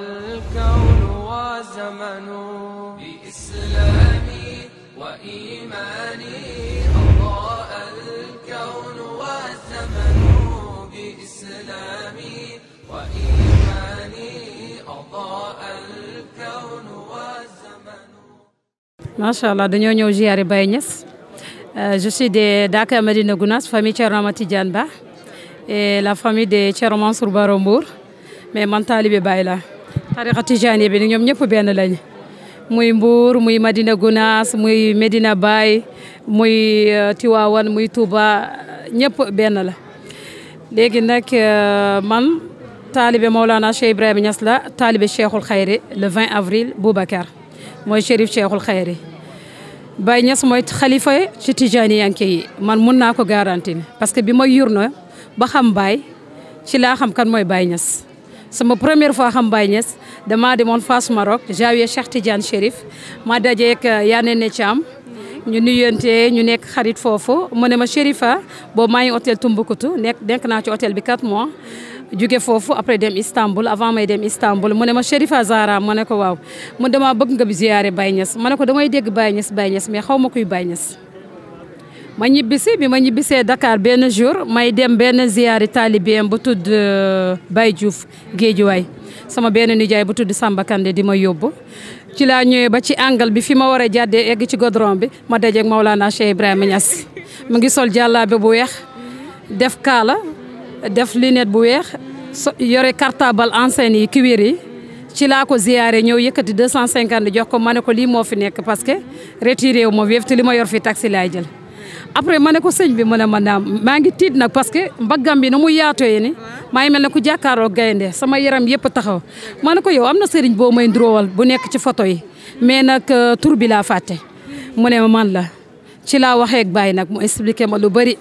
الكون وزمن بإسلامي وإيماني أضاء الكون والزمن بإسلامي وإيماني أضاء الكون والزمن ما شاء الله dañoo ñëw ziyaare Baye Niass je suis de Dakar Medina Gounass famille Thierno Amati Ba et la famille de Thierno Mansour Baro Mbour mais man taalibe la tariqa tijaani bi ñoom ñëpp benn lañ muy Mbour muy Madina Gounass muy médina Baye muy euh, Tiwaawan muy Touba ñëpp benn la léegi nag euh, man taalibe Maulana Cheikh Ibrahima Niass la taalibe Cheikhul Khayri le 20 avril Boubacar mooy chérif Cheikhul Khayri bay Niass mooy xalifa ci tijaani yanke yi man mun naa ko garanti parce que bi ma yur na ba xam Baye ci laa xam kan mooy Baye Niass sama première fois xam Baye Niass damaa demoon Fass Maroc Zawiya Cheikh Tidiane Chérif ma dajeek euh, Yanene Thiam ñu nuyante ñu nekk xarit foofu mu ne ma Chérifa boobu maa ngi hôtel Tombouctou nekk denk naa ci hôtel bi 4 mois jóge foofu après dem Istanbul avant may dem Istanbul mu ne ma Chérifa Zahra ma ne ko waaw ma dama bëgg nga bi ziyaare Baye Niass ma ne ko damay dégg Baye Niass Baye Niass mais xaw ma kuy Baye Niass ma ñibbisi bi ma ñibbisee dakaar benn jour may dem benn ziyaari taalibeem bu tudd euh, Baye Diouf Géejuwaay sama benn nijaay bu tudd Samba Kande di ma yóbbu ci laa ñëwee ba ci angle bi fi ma war a jàddee egg ci godron bi ma dajeeg Maolana Cheikh Ibrahima Niass mu ngi sol jàllaabe bu weex def kaala def lunette bu weex yore cartable enseigne yi kiwir yi ci laa ko ziyaare ñëw yëkkati 250 jox ko ma ne ko lii moo fi nekk parce que retiré wu ma wéef te li ma yor fi taxi laay jël après ma ne ko sëñ bi mu ne ma naam maa ngi tiit nag parce que mbaggam bi na mu yaatooye ni maa ngi mel ne ku jàkkaaroo gaynde sama yaram yëpp taxaw ma ne ko yow am na sëriñ boo may ndróowal bu nekk ci photo yi mais nag euh, tur bi laa fàtte mu ne man la ci laa waxeek baay nag mu expliqué ma lu bëri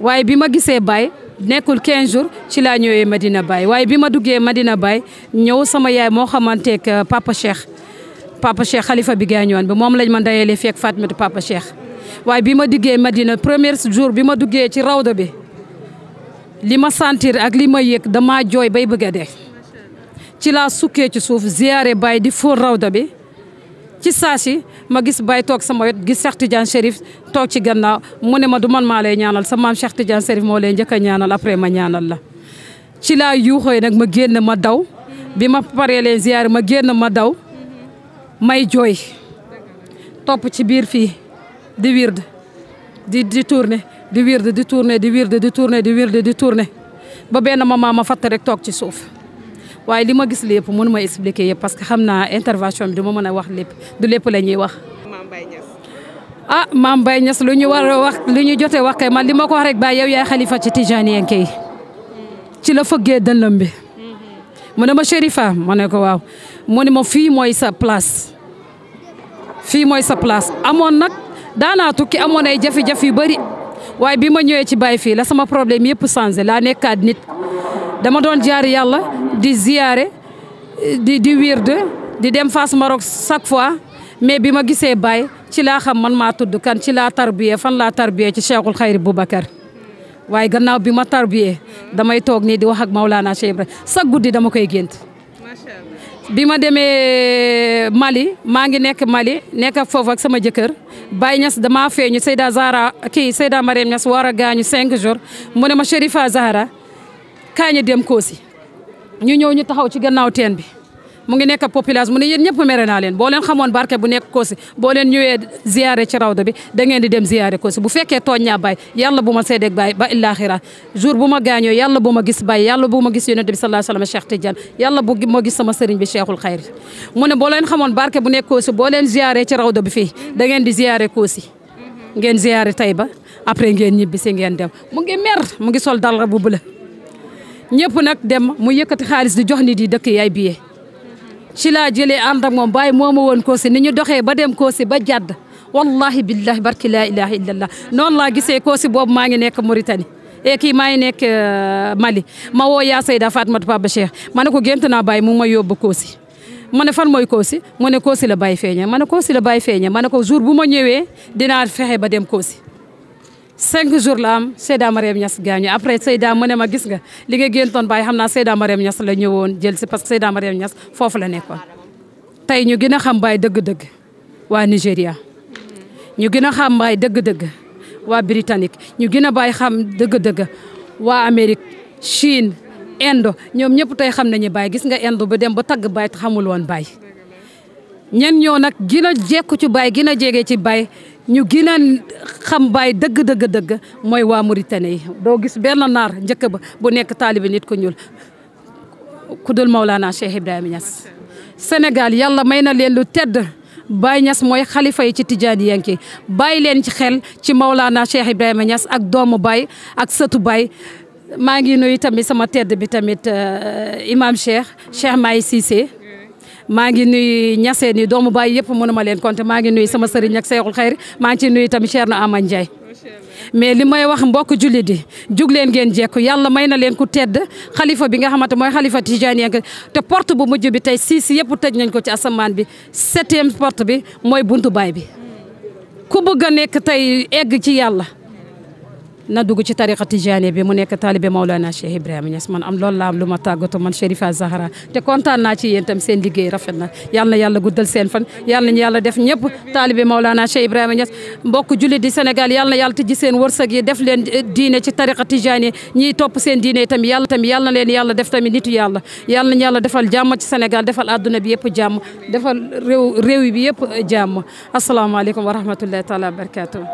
waaye bi ma gisee baay nekkul 15 jours ci laa ñëwee dina Baye waaye bi ma duggee dina Baye ñëw sama yaay moo xamanteeg euh, papa Cheikh papa Cheikh xalifa bi gaañoon bi moom lañ ma ndayeele fekk Fatmata papa Cheikh waaye bi ma diggee Madina premier jour bi ma duggee ci rawda bi li ma sentir ak li ma yëg dama jooy bay bëgg a dee ci la sukkee ci suuf ziyaare baay di foo rawda bi ci saasi ma gis baay toog sama wet gis Cheikh Tidiane serif toog ci gannaaw mu ma du man maa lay ñaanal sa maam Cheikh Tidiane Chérif moo lay njëkk a ñaanal après ma ñaanal la ci laa yuuxooy nag ma génn ma daw bi ma paree leen ma génn ma daw may jooy topp ci biir fii di wirde di di di wirde di tourné di wirde di tourné di wirde di tourné ba benn moment ma fatt rek toog ci suuf waaye li ma gis lépp mënu ma expliquer yëpp parce que xam naa intervention bi du ma mën a wax lépp du lépp la ñuy wax. ah maam Baye ñas lu ñu war wax lu ñu jotee wax kay man li ma ko wax rek Baye yow yaay xalifa ci tijaniyeen kay ci la fëggee dënnam bi mu ne ma Chérifa ma ne ko waaw mu ne ma fii mooy sa place fii mooy sa place amoon nag. daanaa tukki amoon ay jafe-jafe yu bëri waaye bi ma ñëwee ci Baay fii la sama problème yëpp changé laa nekkaat nit dama doon jaar yàlla di ziyaare di di wirde di dem Fass Maroc chaque fois mais bi ma gisee Baay ci laa xam man maa tudd kan ci laa tarbiyee fan laa tarbiyee ci Cheikhul Xayri Boubacar waaye gannaaw bi ma tarbiyee damay toog nii di wax ak Maulana Cheikh Ibrahima chaque guddi dama koy gént. bi ma demee Mali maa ngi nekk Mali nekk foofu ak sama jëkkër Baye Niass damaa feeñu Seyda Zahra kii Seyda Mariam Niass war a gaañu cinq jours mu ne ma Chérifa Zahra kaay dem Koosi ñu ñëw ñu taxaw ci gannaaw teen bi mu ngi nekk population mu ne yéen mere naa leen boo leen xamoon barke bu nekk Kossy boo leen ñëwee ziyaare ci rawda bi da ngeen di dem ziyaare Kossy bu fekkee tooñ ñaa baay yàlla bu ma seedeeg baay ba illaaxira jour bu ma gaañoo yàlla bu ma gis baay yàlla bu ma gis yonent bi sallallahu alayhi wa sallam Cheikh Tidiane yàlla bu sama sëriñ bi Cheikhul Xayri mu ne boo leen xamoon barke bu nekk Kossy boo leen ziyaare ci rawda bi fii da ngeen di ziyaare Kossy ngeen ziyaare Taïba après ngeen ñibbi ngeen dem mu ngi mer mu ngi sol dal bu bula ñëpp nag dem mu yëkkati xaalis di jox ni di dëkk yaay biyee ci laa jëlee ànd ak moom bàyyi moo ma woon Kossy ni ñu doxee ba dem Kossy ba jàdd wallahi billahi barki laa ilaha illallah noonu laa gisee Kossy boobu maa ngi nekk Mauritanie et kii maa ngi nekk euh, Mali ma wo yaa Seyda Fatmatou Papa Cheikh ma ne ko gént naa bàyyi mu ma yóbbu Kossy ma ne fan mooy Kossy mu ne Kossy la bàyyi feeña ma ne Kossy la bàyyi feeña ma ne ko jour bu ma ñëwee dinaa fexe ba dem Kossy cinq jours la am Seyda Mariam ñas gaañu après Seyda mu ne ma gis nga li nga géntoon baay xam naa Seyda Mariam Niass la ñëwoon jël si parce que Seyda foofu la nekkoon. tey ñu gën a xam baay dëgg-dëgg waa Nigéria ñu gën a xam baay dëgg-dëgg waa Britannique ñu gën a bàyyi xam dëgg-dëgg waa Amérique Chine Indo ñoom ñëpp tey xam nañu baay gis nga Indo ba dem ba tagg baay te xamul woon baay ñen ñoo nag gën a jekku ci baay gën a jege ci baay ñu gën a xam baay dëgg dëgg dëgg mooy waa Mauritanie yi doo gis benn naar njëkk ba bu nekk taalibi nit ko ñuul ku dul Maulana Cheikh Ibrahima senegal Sénégal may na leen lu tedd Baay ñas mooy xalifa yi ci tijaani yanki bàyyi leen ci xel ci Maulana Cheikh Ibrahima Niass ak doomu baay ak sëtu baay. maa ngi nuyu tamit sama tedd bi tamit euh, Imam Cheikh Cheikh Maye Cissé. maa ngi nuyu ñaseen yi doomu baay yëpp mënu ma leen compter maa ngi nuyu sama sëriñ ak seexul xayri maa ngi ciy nuyu tamit Thierno Amane Ndiaye mais li may wax mbokk julli di jug leen ngeen jekku yàlla may na leen ku tedd xalifa bi nga xamante mooy xalifa Tijaan yeenk te porte bu mujj bi tey si si yëpp tëj nañ ko ci asamaan bi septième porte bi mooy buntu baay bi ku bëgg nekk tey egg ci yàlla na dugg ci tariqa tijaane bi mu nekk taalibe Maulana Cheikh ibrahim Niass man am loolu laa am lu ma tàggatoo man Chérifa Zahra te kontaan naa ci yéen itam seen liggéey rafet na yal na yàlla guddal seen fan yal nañu yàlla def ñëpp taalibe Maulana Cheikh Ibrahima Niass mbokk jullit di senegal yal na yàlla seen wërsëg yi def leen diine ci tariqa tijaane ñiy topp seen diine tam yàlla tamit yal leen yàlla def tamit nitu yàlla yal nañu yàlla defal jàmm ci Sénégal defal adduna bi yëpp jàmm defal réew réew bi yëpp jàmm asalaamaaleykum wa rahmatullahi taala wa barakatuh